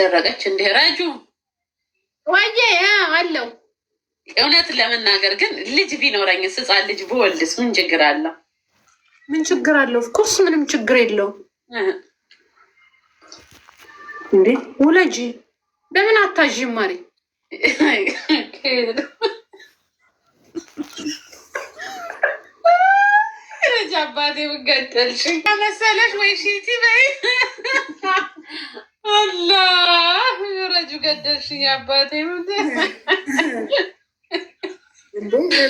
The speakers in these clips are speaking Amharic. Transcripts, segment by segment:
ደረቀች እንደ ረጁ ወየ አለው። እውነት ለመናገር ግን ልጅ ቢኖረኝ ስጻ ልጅ ብወልድስ ምን ችግር አለው? ምን ችግር አለው? ኦፍኮርስ ምንም ችግር የለው። እንዴ ውለጂ፣ ለምን አታዥም? ማሪ ልጅ አባቴ ብገደልሽ ከመሰለሽ ወይ ሺቲ በይ አላህ ረጁ ገደልሽኝ አባቴ።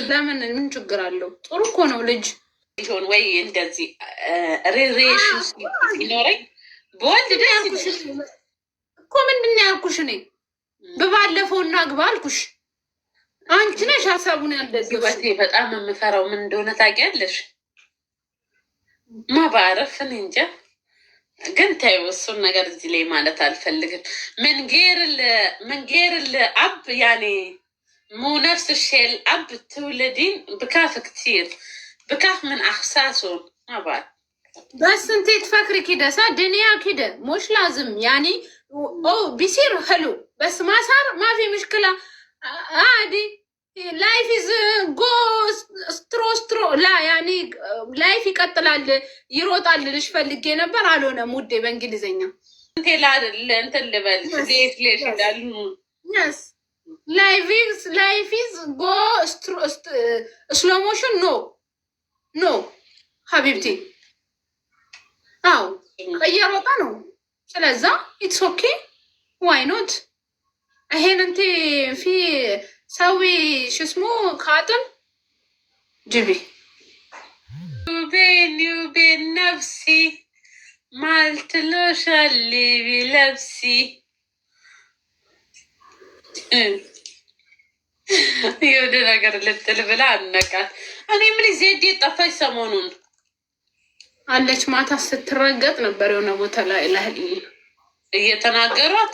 ለምን ምን ችግር አለው? ጥሩ እኮ ነው ልጅ ሆን ወይ እንደዚህ ሲኖረኝ ደስ እኮ ምንድን ነው ያልኩሽ? እኔ በባለፈው እና ግባ አልኩሽ። አንቺ ነሽ ሀሳቡን ያልደግበት። በጣም የምፈራው ምን እንደሆነ ታውቂያለሽ? ማባረፍን እንጃ ግን ተይው፣ እሱን ነገር እዚህ ላይ ማለት አልፈልግም። መንጌርል መንጌርል አብ ያኔ ሙ ነፍስ ሸል አብ ትውልዲን ብካፍ ክቲር ብካፍ ምን አክሳሱን አባል በስንቴ ትፈክሪ ኪደሳ ድንያ ኪደ ሞሽ ላዝም ያኒ ኦ ቢሲር ህሉ በስ ማሳር ማፊ ምሽክላ አዲ ላይፍ ኢዝ ጎ ስትሮ ስትሮ ላ ያኔ ላይፍ uh, ይቀጥላል ይሮጣል ልልሽ ፈልጌ ነበር፣ አልሆነም ውዴ። በእንግሊዝኛ ላይፍ ኢዝ ጎ ስሎሞሽን ኖ ኖ ሀቢብቲ አው እየሮጠ ነው። ስለዛ ኢትስ ኦኬ ዋይ ኖት ይሄን እንቴ ፊ ሰዊ ሽስሙ ካጥን ጅቢ ዩቤኒዩቤ ነፍሲ ማልትሎሻሊ ቢለብሲ የሆነ ነገር ልትል ብላ አነቃት። እኔ ምን ዜድ ጠፋች ሰሞኑን አለች። ማታ ስትረገጥ ነበር የሆነ ቦታ ላይ እየተናገሯት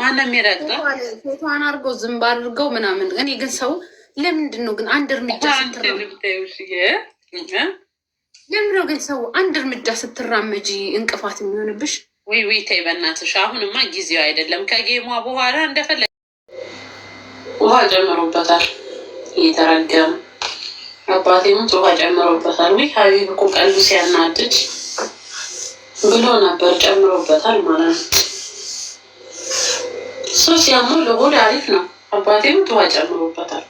ማነው የሚረግጠው? ሴቷን አድርጎ ዝንብ አድርገው ምናምን። እኔ ግን ሰው ለምንድን ነው ግን አንድ እርምጃ ለምንድን ነው ግን ሰው አንድ እርምጃ ስትራመጂ እንቅፋት የሚሆንብሽ? ወይ ወይ ተይ በእናትሽ፣ አሁንማ ጊዜው አይደለም። ከጌሟ በኋላ እንደፈለ ውሃ ጨምሮበታል። እየተረገሙ አባቴም ውሃ ጨምሮበታል። ወይ ሀቢብ እኮ ቀልዱ ሲያናድድ ብሎ ነበር። ጨምሮበታል ማለት ነው ሶስ ያሞ ለሆድ አሪፍ ነው። አባቴም ትዋ ጨምሮበታል።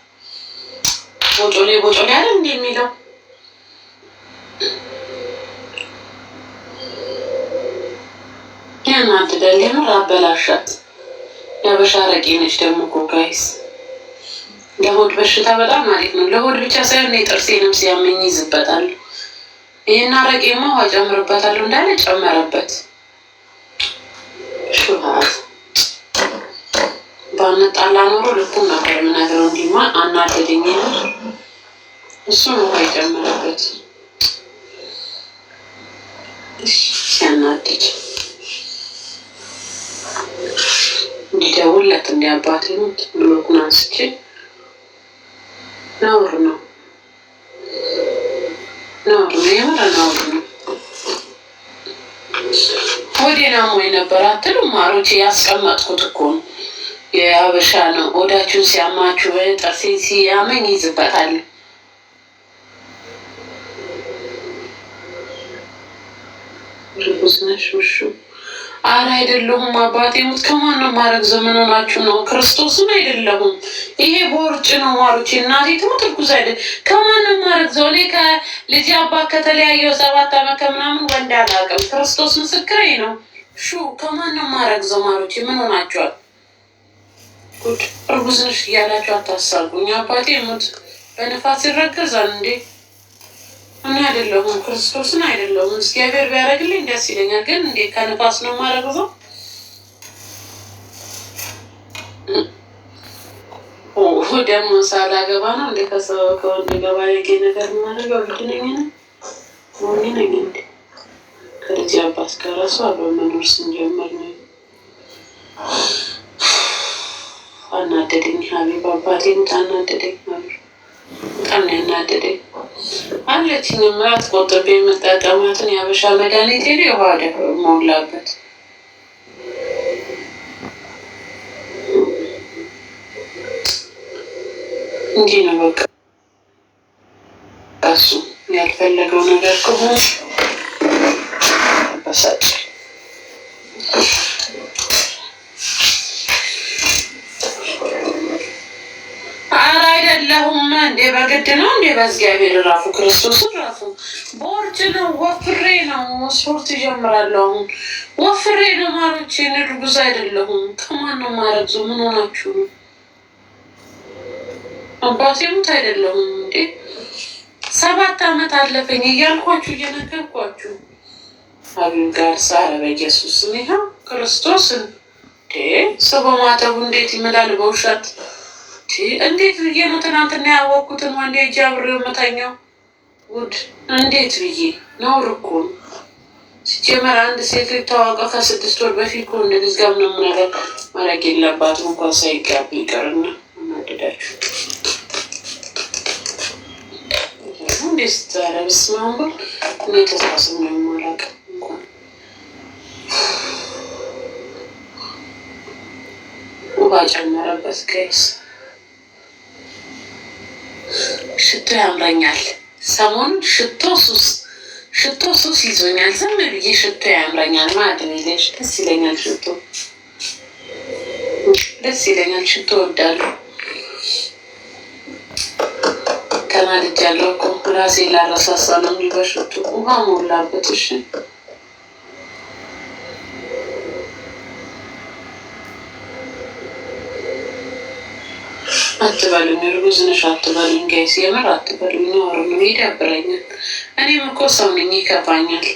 ቦጮሌ ቦጮሌ አለ እንዲ የሚለው ያን አድደል የምር አበላሻት። ያበሻ አረቄ ነች ደግሞ ኮጋይስ ለሆድ በሽታ በጣም አሪፍ ነው። ለሆድ ብቻ ሳይሆን የጥርሴንም ሲያመኝ ይዝበታል። ይህን አረቄማ ውሃ ጨምርበታለሁ እንዳለ ጨመረበት ሹሃት ባንጣላ ኖሮ ልኩን ነበር የምነግረው። እንዲማ አናደደኝ። እሱ ነው የጨመረበት። ሲያናድድ እንዲደውለት እንዲያባት ብሎኩን አንስቼ ነውር ነው ነውር ነው የምር ነውር ነው። ወዴናም ወይ ነበር አትሉ ማሮቼ ያስቀመጥኩት እኮ ነው የሀበሻ ነው። ሆዳችሁ ሲያማችሁ ጥርሴ ሲያመኝ ይዝበታል። ርጉዝ ነሽ ውሹ? አረ አይደለሁም አባቴ ሙት። ከማን ነው የማረግዘው? ምን ሆናችሁ ነው? ክርስቶስን አይደለሁም። ይሄ ቦርጭ ነው ማሮቼ። እናቴ ትሙት እርጉዝ አይደ ከማን ነው ዘው። እኔ ከልጅ አባት ከተለያየው ሰባት ዓመት ከምናምን ወንድ አላውቅም። ክርስቶስ ምስክሬ ነው። ሹ ከማን ነው ዘው ማሮቼ ምን ሆናችኋል? እርጉዝ ነሽ እያላችሁ አታሳቁኝ። አባቴ ሙት በንፋስ ይረገዛል እንዴ? እኔ አይደለሁም ክርስቶስን አይደለሁም። እግዚአብሔር ቢያደርግልኝ ደስ ይለኛል፣ ግን እንዴ ከንፋስ ነው የማረግዘው? ደግሞ ሳላገባ ነው እንደ ከሰው ከወንድ ገባ ያጌ ነገር ማድረገው ልድነኝ ነ ሆኔ ነኝ እንዴ ከልጅ አባት ጋር ራሱ አብረ መኖር ስንጀምር አቤ በአባቴ በጣም ናደደኝ ማለት በጣም ነው ያናደደኝ አለችኝ። ምራት ቆጥብ የምጠቀማትን የአበሻ መድኃኒት ሄ ውሃ ሞላበት እንዲህ ነው በቃ እሱ ያልፈለገው ነገር ከሆነ አይደለሁም እንዴ? በግድ ነው እንዴ? በእግዚአብሔር ራፉ ክርስቶስ ራሱ ቦርጭ ነው። ወፍሬ ነው። ስፖርት እጀምራለሁ አሁን ወፍሬ ነው። ማሮቼ እርጉዝ አይደለሁም። ከማን ነው ማረግዙ? ምን ሆናችሁ ነው? አባቴ ሙት አይደለሁም እንዴ? ሰባት አመት አለፈኝ እያልኳችሁ እየነገርኳችሁ አሉኝ ጋር ሳረ በኢየሱስ ይኸው ክርስቶስን ሰው በማተቡ እንዴት ይምላል በውሸት እንዴት ብዬ ነው ትናንትና ያወቅኩትን ወንዴ እጅ አብሬው የምተኛው? ጉድ! እንዴት ብዬ ነውር እኮ ሲጀመር አንድ ሴት ልታወቀ ከስድስት ወር በፊት እኮ እንደዚህ ጋር ምንም ነገር ማድረግ የለባትም እንኳን ሳይጋቡ ይቀርና እናደዳችሁ እንዴት እኔ ነው የማላውቅ ውሃ ጨመረበት ሽቶ ያምረኛል። ሰሞን ሽቶ ሱስ ሽቶ ሱስ ይዞኛል። ዝም ብዬ ሽቶ ያምረኛል ማለት ነው። ደስ ይለኛል ሽቶ ደስ ይለኛል ሽቶ እወዳለሁ ከማለት ያለው እኮ ራሴ ላረሳሳ ነው በሽቶ ውሃ ሞላበት። እሺ አትበሉኝ፣ እርጉዝ ነሽ አትበሉኝ። ጋይስ የምር አትበሉኝ። ኖር ነው ይደብረኛል። እኔም እኮ ሰው ነኝ፣ ይከፋኛል።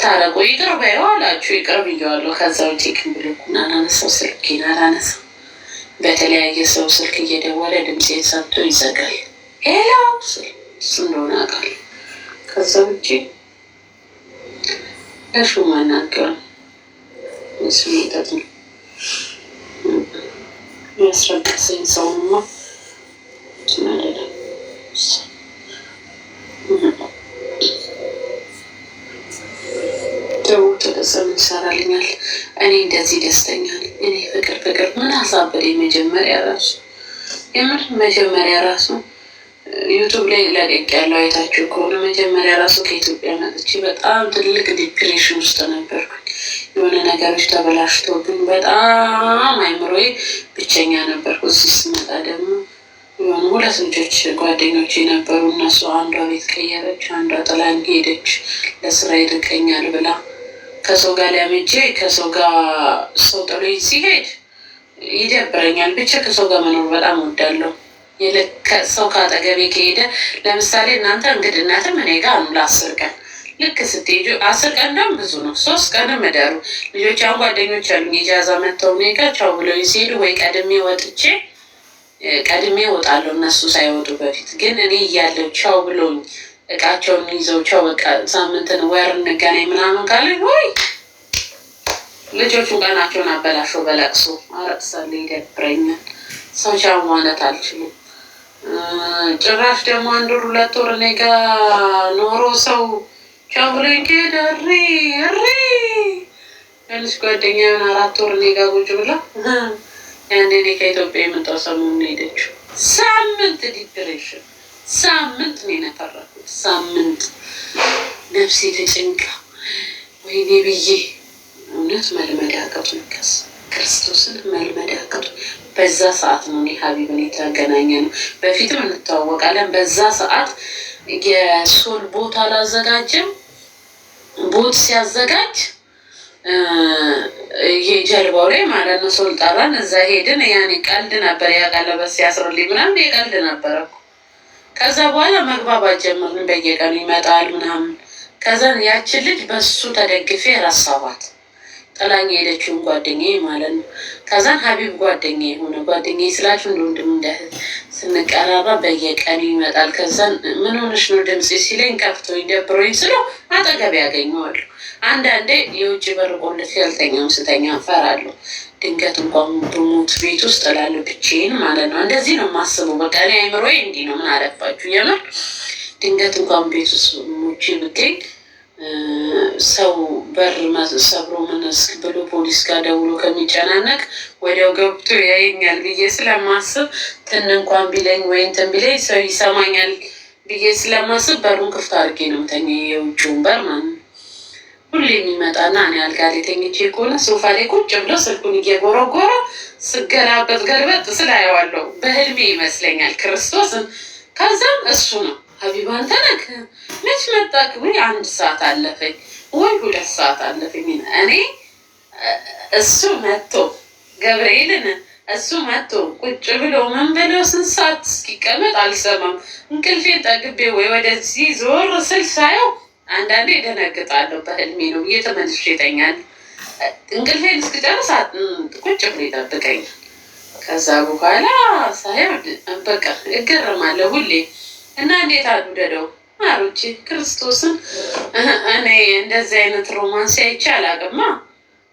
ታረቁ ይቅር በይው አላችሁ፣ ይቅር ብያዋለሁ። ከዛ ውጭ ግን ብሎኩን አላነሳው፣ ስልኬን አላነሳው። በተለያየ ሰው ስልክ እየደወለ ድምፅ ሰምቶ ይዘጋል። ሄሎ ስ እንደሆነ አውቃለሁ። ከዛ ውጭ ለሹ ማናገር ስሜጠት ነው ያስረቀሰኝ ሰውማ ትናደደ። ደቡ ይሰራልኛል። እኔ እንደዚህ ደስተኛል። እኔ ፍቅር ፍቅር ምን አሳበደኝ መጀመሪያ ራሱ የምር መጀመሪያ ራሱ ዩቱብ ላይ ለቀቅ ያለው አይታችሁ ከሆነ መጀመሪያ ራሱ ከኢትዮጵያ መጥቼ በጣም ትልቅ ዲፕሬሽን ውስጥ ነበርኩኝ። የሆነ ነገሮች ተበላሽቶብኝ በጣም አይምሮዬ ብቸኛ ነበርኩ። እዚህ ስመጣ ደግሞ የሆኑ ሁለት ልጆች ጓደኞች የነበሩ እነሱ አንዷ ቤት ቀየረች፣ አንዷ ጥላን ሄደች ለስራ ይርቀኛል ብላ ከሰው ጋር ሊያመጄ ከሰው ጋር ሰው ጥሎ ሲሄድ ይደብረኛል። ብቻ ከሰው ጋር መኖር በጣም ወዳለው። ሰው ከአጠገቤ ከሄደ ለምሳሌ እናንተ እንግድነትም እኔ ጋር ነው ለአስር ቀን ልክ ስትሄጁ አስር ቀን ደም ብዙ ነው። ሶስት ቀን እደሩ ልጆች አሁን ጓደኞች አሉ የጃዛ መጥተው እኔ ጋር ቻው ብለው ሲሄዱ ወይ ቀድሜ ወጥቼ ቀድሜ እወጣለሁ እነሱ ሳይወጡ በፊት ግን እኔ እያለሁ ቻው ብለውኝ እቃቸውን ይዘው ቻው በቃ ሳምንትን ወር እንገናኝ ምናምን ካለ ወይ ልጆቹ ቀናቸውን አበላሸው በለቅሶ አረቅሳለ ይደብረኛል። ሰው ቻው ማለት አልችልም። ጭራሽ ደግሞ አንድ ወር ሁለት ወር እኔ ጋ ኖሮ ሰው ቻው ብሎኝ ከሄደ እሪ እሪ ትንሽ ጓደኛዬን አራት ወር እኔ ጋ ቁጭ ብላ ያኔ እኔ ከኢትዮጵያ የመጣው ሰሞኑን ሄደችው። ሳምንት ዲፕሬሽን ሳምንት ነው የነፈረኩት። ሳምንት ነፍሴ ተጨንቃ ወይኔ ብዬ እውነት መልመድ አቀቱ ከስ ክርስቶስን መልመድ አቀቱ በዛ ሰዓት ነው እኔ ሀቢብን የተገናኘ ነው። በፊትም እንተዋወቃለን። በዛ ሰዓት የሶል ቦት አላዘጋጅም። ቦት ሲያዘጋጅ የጀልባው ላይ ማለት ነው ሶል ጠራን። እዛ ሄድን። ያኔ ቀልድ ነበር። ያቀለበት ሲያስርልኝ ምናምን የቀልድ ነበረ። ከዛ በኋላ መግባባት ጀመርን። በየቀኑ ይመጣል ምናምን። ከዛን ያችን ልጅ በሱ ተደግፌ ረሳኋት። ጥላኝ የሄደችውን ጓደኛ ማለት ነው። ከዛን ሀቢብ ጓደኛ የሆነ ጓደኛ ስላችሁ እንደ ወንድም እንደ ስንቀራራ በየቀኑ ይመጣል። ከዛን ምን ሆነሽ ነው ድምፅ ሲለኝ ከፍቶኝ ደብሮኝ ስለው አጠገብ ያገኘዋሉ። አንዳንዴ የውጭ በር ቆልፌ ያልተኛም ስተኛ እፈራለሁ። ድንገት እንኳን ብሞት ቤት ውስጥ እላለሁ ብቻዬን ማለት ነው። እንደዚህ ነው የማስበው። በቃ እኔ አይምሮዬ እንዲህ ነው። ምን አለባችሁ የምር ድንገት እንኳን ቤት ውስጥ ሙቼ ብገኝ ሰው በር ሰብሮ መስክ ብሎ ፖሊስ ጋር ደውሎ ከሚጨናነቅ ወዲያው ገብቶ ያየኛል ብዬ ስለማስብ ትን እንኳን ቢለኝ ወይ እንትን ቢለኝ ሰው ይሰማኛል ብዬ ስለማስብ በሩን ክፍት አድርጌ ነው ተኛ። የውጭውን በር ማለት ሁሉ የሚመጣና እኔ አልጋ ላይ ተኝቼ ከሆነ ሶፋ ላይ ቁጭ ብሎ ስልኩን እየጎረጎረ ስገላበጥ ገልበጥ ስላየዋለው በህልሜ ይመስለኛል ክርስቶስን። ከዛም እሱ ነው ሀቢባን ተነክ መች መጣክ? ወይ አንድ ሰዓት አለፈኝ ወይ ሁለት ሰዓት አለፈኝ። እኔ እሱ መጥቶ ገብርኤልን እሱ መጥቶ ቁጭ ብሎ ምን ብሎ ስንት ሰዓት እስኪቀመጥ አልሰማም። እንቅልፌን ጠግቤ ወይ ወደዚህ ዞር ስል ሳየው አንዳንዴ እደነግጣለሁ። በህልሜ ነው እየተመልሼ እተኛለሁ። እንቅልፌን እስክጨርስ ቁጭ ብሎ ይጠብቀኛል። ከዛ በኋላ ሳየው በቃ እገረማለሁ ሁሌ እና እንዴት አልጉደደው ማሮች ክርስቶስን እኔ እንደዚህ አይነት ሮማንስ አይቼ አላውቅማ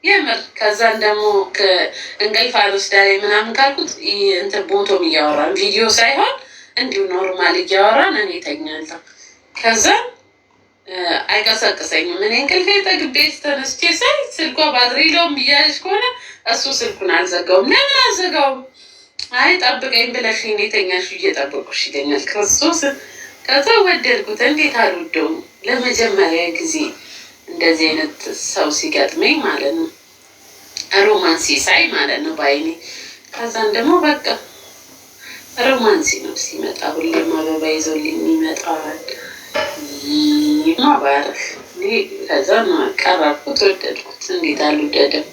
የምር። ከዛን ደግሞ እንቅልፍ አልወስዳለኝ ምናምን ካልኩት እንት ቦቶም እያወራን ቪዲዮ ሳይሆን እንዲሁ ኖርማል እያወራን እኔ ተኛለሁ። ከዛን አይቀሰቅሰኝም። እኔ እንቅልፍ ጠግቤ ተነስቼ ሳይ ስልኳ ባትሪ የለውም እያለች ከሆነ እሱ ስልኩን አልዘጋውም። ለምን አልዘጋውም? አይ ጠብቀኝ ብለሽ እንዴተኛሽ እየጠበቁሽ ይለኛል ክርስቶስ። ከዛ ወደድኩት። እንዴት አልወደውም? ለመጀመሪያ ጊዜ እንደዚህ አይነት ሰው ሲገጥመኝ ማለት ነው፣ ሮማንሲ ሳይ ማለት ነው በአይኔ። ከዛን ደግሞ በቃ ሮማንሲ ነው ሲመጣ፣ ሁሌም አበባ ይዞልኝ ይመጣል። ማባረፍ ከዛ ቀረብኩት፣ ወደድኩት። እንዴት አልወደድም?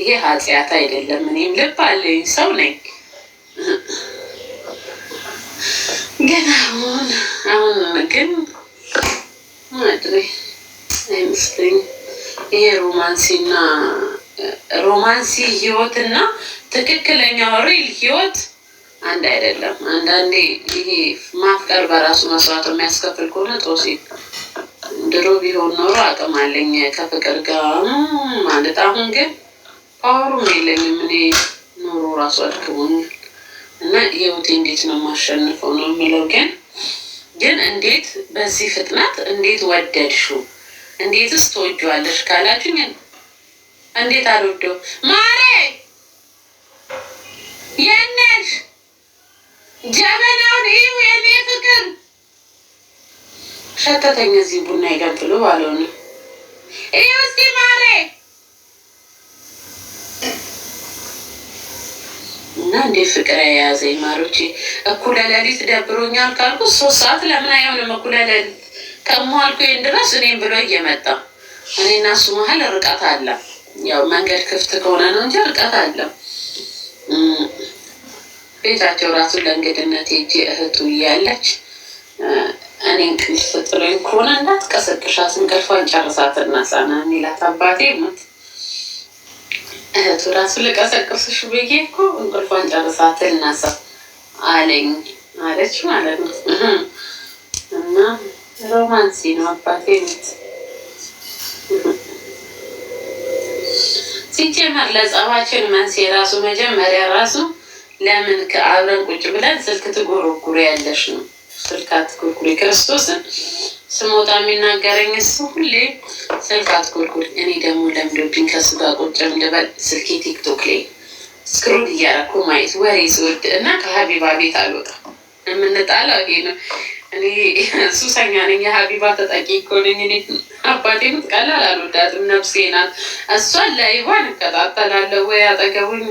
ይሄ ኃጢአት አይደለም። እኔም ልብ አለኝ፣ ሰው ነኝ። ግን አሁን አሁን ግን ማድሬ አይመስለኝም። ይሄ ሮማንሲና ሮማንሲ ህይወትና ትክክለኛው ሪል ህይወት አንድ አይደለም። አንዳንዴ ይሄ ማፍቀር በራሱ መስዋዕት የሚያስከፍል ከሆነ ጦሴ ድሮ ቢሆን ኖሮ አቅም አለኝ ከፍቅር ጋር ማለት አሁን ግን ፓወሩም የለኝም እኔ ኑሮ ራሱ አድክሞኛል። እና ህይወቴ እንዴት ነው የማሸንፈው ነው የሚለው ግን ግን እንዴት በዚህ ፍጥነት እንዴት ወደድሽው? እንዴትስ ትወጂዋለሽ ካላችሁኝ እንዴት አልወደው ማሬ የነሽ ጀበናውን ይው የኔ ፍቅር ሸተተኝ። እዚህ ቡና ይገንፍሉ ባለሆነ ይህ ውስኪ ማሬ እና እንዴት ፍቅር የያዘ ይማሮቼ እኩለ ሌሊት ደብሮኛል ካልኩ ሶስት ሰዓት ለምን አይሆንም? እኩለ ሌሊት ከሟልኩ ይህን ድረስ እኔም ብሎ እየመጣ እኔ እና እሱ መሀል ርቀት አለ። ያው መንገድ ክፍት ከሆነ ነው እንጂ ርቀት አለ። ቤታቸው ራሱ ለእንግድነት ሄጄ እህቱ እያለች እኔ እንቅልፍ ጥሎኝ ከሆነ እንዳትቀሰቅሻት እንቅልፏን ጨርሳት እናሳና የሚላት አባቴ ሞት እህቱ ራሱ ልቀሰቅስሽ ብዬ እኮ እንቅልፏን ጨርሳ ትነሳ አለኝ አለች ማለት ነው። እና ሮማንሲ ነው አባቴ ቤት ሲጀመር ለጸባችን መንስኤ ራሱ መጀመሪያ ራሱ ለምን ከአብረን ቁጭ ብለን ስልክ ትጎረጉሪ ያለሽ ነው። ስልክ አትጎርጉሪ ክርስቶስን ስሞጣ የሚናገረኝ እሱ ሁሌ ስልክ አትጎልጎል። እኔ ደግሞ ለምዶብኝ ከሱ ጋር ቁጭ እንድበል ስልኬ ቲክቶክ ላይ ስክሩል እያረኩ ማየት ወሬ ስወድ እና ከሀቢባ ቤት አልወጣ የምንጣላ ይሄ ነው። እኔ ሱሰኛ ነኝ፣ የሀቢባ ተጠቂ እኮ ነኝ። እኔ አባቴ ምትቀላል አልወዳትም፣ ነፍሴ ናት። እሷን ላይቧን እከታተላለሁ ወይ አጠገቡኝ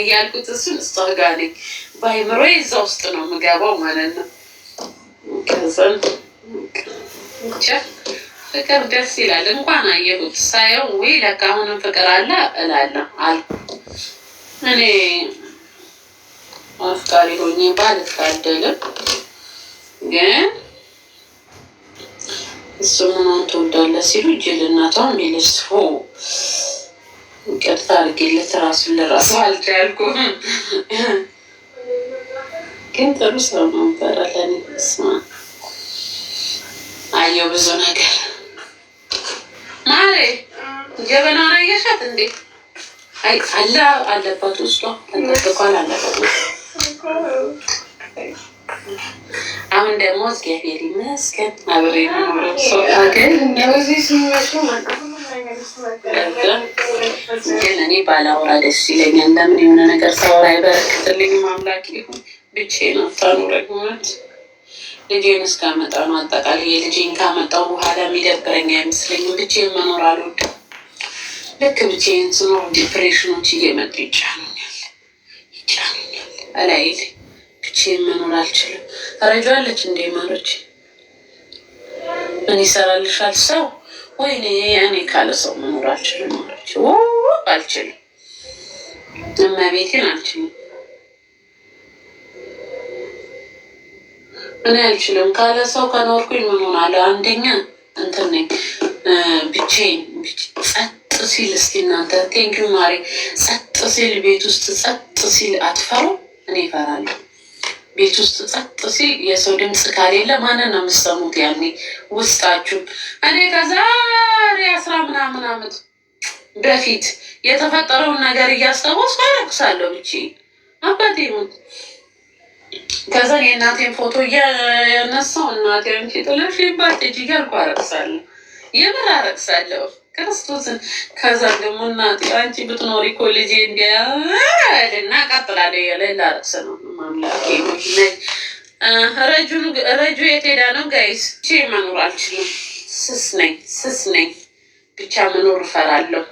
እያልኩት እሱን እስተጋ ነኝ። በአይምሮዬ እዛ ውስጥ ነው የምገባው ማለት ነው ከዛን ፍቅር ደስ ይላል። እንኳን አየሁት ሳየው ወይ ለካ አሁንም ፍቅር አለ እላለሁ አል እኔ አፍቃሪ ሆኜ ባልታደልም ግን እሱ ምናምን ትወዳለ ሲሉ ጅልናቷን ቢልስ ቅርታ አድርጌለት ራሱን ለራሱ አልቻልኩም። ግን ጥሩ ሰው ነበረ ለኔ ስማ ያየው ብዙ ነገር ማሬ ጀበና ጀበናውን አየሻት እንዴ? አይ አለ አለባት ውስጧ ተንጠቅቋል አለባት። አሁን ደግሞ እግዚአብሔር ይመስገን አብሬ ግን እኔ ባላወራ ደስ ይለኛል። ለምን የሆነ ነገር ሰው ላይ አይበረክትልኝም። አምላክ ይሁን ብቻዬን አታኑረኝ ማለት ልጄን እስካመጣ ነው። አጠቃላይ የልጄን ካመጣው በኋላ የሚደብረኝ አይመስለኝም። ብቼን መኖር አልወድም። ልክ ብቼን ስኖር ዲፕሬሽኖች እየመጡ ይጫኑኛል ይጫኑኛል። አላይል ብቼን መኖር አልችልም። ረጇለች እንደ ማሮች ምን ይሰራልሻል ሰው ወይኔ እኔ ካለ ሰው መኖር አልችልም። ማሮች አልችልም፣ እመቤቴን አልችልም እኔ አልችልም። ካለ ሰው ከኖርኩኝ ምን ሆናለሁ? አንደኛ እንትን ነኝ ብቻዬን። ጸጥ ሲል እስቲ እናንተ ቴንኪ ማሪ። ጸጥ ሲል ቤት ውስጥ ጸጥ ሲል አትፈሩ። እኔ ይፈራለሁ። ቤት ውስጥ ጸጥ ሲል የሰው ድምፅ ካሌለ ማንን ነው የምትሰሙት? ያኔ ውስጣችሁ እኔ ከዛሬ አስራ ምናምን ዓመት በፊት የተፈጠረውን ነገር እያስታወስኩ አለቅሳለሁ ብቻዬን አባቴ ከዛ የእናቴን ፎቶ እያነሳው እናቴ አንቺ ጥለሽ ይባት እጅ እያልኩ አረቅሳለሁ። የምር አረቅሳለሁ ክርስቶስን። ከዛን ደግሞ እናቴ አንቺ ብትኖሪ ኮሌጅ እንዲያልና ቀጥላለ የለላ አረቅሰ ነው ማምላኬ ረጁ የት ሄዳ ነው ጋይስ? ቺ መኖር አልችልም። ስስ ነኝ፣ ስስ ነኝ። ብቻ መኖር እፈራለሁ።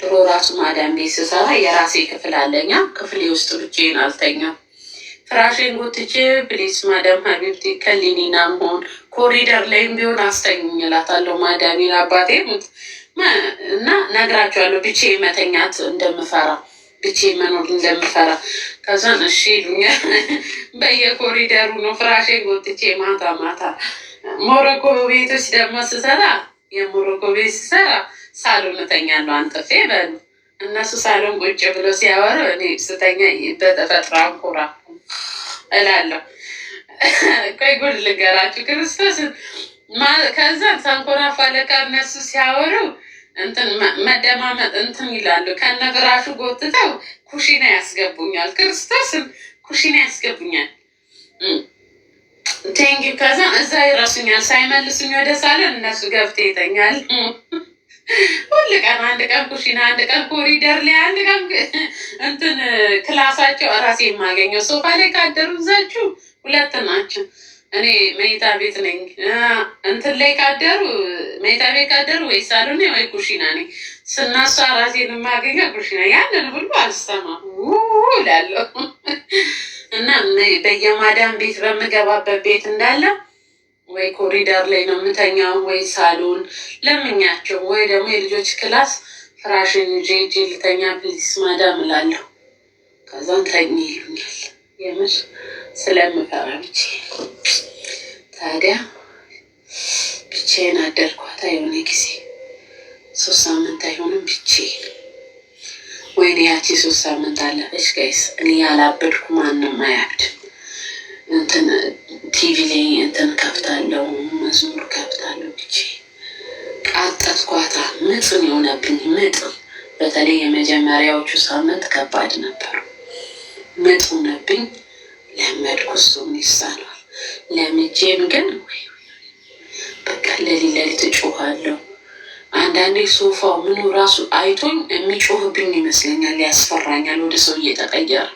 ድሮ ራሱ ማዳም ቤት ስሰራ የራሴ ክፍል አለኛ። ክፍሌ ውስጥ ብቻዬን አልተኛም። ፍራሽን ጎትቼ ፕሊስ ማዳም ሀቢብቲ ከሊኒና መሆን ኮሪደር ላይም ቢሆን አስተኝላታለሁ ማዳሚን አባቴ እና ነግራቸዋለሁ ብቼ መተኛት እንደምፈራ ብቼ መኖር እንደምፈራ። ከዛን እሺ ይሉኛል። በየኮሪደሩ ነው ፍራሽን ጎትቼ ማታ ማታ ሞሮኮ ቤቶች ደግሞ ስሰራ የሞሮኮ ቤት ስሰራ ሳሎን እተኛለሁ አንጥፌ በሉ እነሱ ሳሎን ቁጭ ብሎ ሲያወሩ እኔ ስተኛ በተፈጥሮ አንኩራ እላለሁ። ቆይ ጉድ ልንገራችሁ ክርስቶስን። ከዛ ሳንኮራፋ ለካ እነሱ ሲያወሩ እንትን መደማመጥ እንትን ይላሉ። ከነግራሹ ጎትተው ኩሽና ያስገቡኛል። ክርስቶስን ኩሽና ያስገቡኛል። ቴንኪው። ከዛ እዛ ይረሱኛል። ሳይመልሱኝ ወደ ሳሎን እነሱ ገብቴ ይተኛል። ሁል ቀን አንድ ቀን ኩሽና፣ አንድ ቀን ኮሪደር ላይ፣ አንድ ቀን እንትን ክላሳቸው እራሴ የማገኘው ሶፋ ላይ ካደሩ እዛችሁ ሁለት ናቸው። እኔ መኝታ ቤት ነኝ። እንትን ላይ ካደሩ መኝታ ቤት ካደሩ ወይ ሳሎን ወይ ኩሽና ነኝ። ስናሷ ራሴ የማገኘው ኩሽና። ያንን ሁሉ አልሰማም ላለው እና በየማዳም ቤት በምገባበት ቤት እንዳለው። ወይ ኮሪደር ላይ ነው የምተኛው፣ ወይ ሳሎን ለምኛቸው፣ ወይ ደግሞ የልጆች ክላስ ፍራሽን ይዤ ሂጅ ልተኛ ፕሊስ ማዳም እላለሁ። ከዛም ተኝ ይሉኛል። የምር ስለምፈራ ብቻ። ታዲያ ብቻዬን አደርኳታ የሆነ ጊዜ ሶስት ሳምንት አይሆንም ብቻዬን። ወይኔ ያቺ ሶስት ሳምንት አለፈች ጋይስ። እኔ ያላበድኩ ማንም አያብድም። ቲቪ ላይ እንትን ከፍታለሁ፣ መዝሙር ከፍታለሁ። ብቻ ቃጠትኳታ ምጥን የሆነብኝ ምጥን፣ በተለይ የመጀመሪያዎቹ ሳምንት ከባድ ነበሩ። ምጥ ሆነብኝ። ለመድኩ እሱም ይሳሏል። ለምጄም ግን በቃ ለሊት ለሊት እጮኻለሁ። አንዳንዴ ሶፋው ምኑ ራሱ አይቶኝ የሚጮህብኝ ይመስለኛል። ያስፈራኛል። ወደ ሰው እየተቀየረ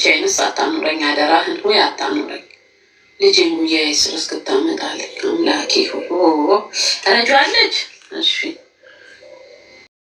ብቻዬንስ አታኑረኝ፣ አደራህን ሆይ አታኑረኝ። ልጄን ጉያዬ ስር እስክታመጣልኝ አምላኬ ሆ ረጅዋለች። እሺ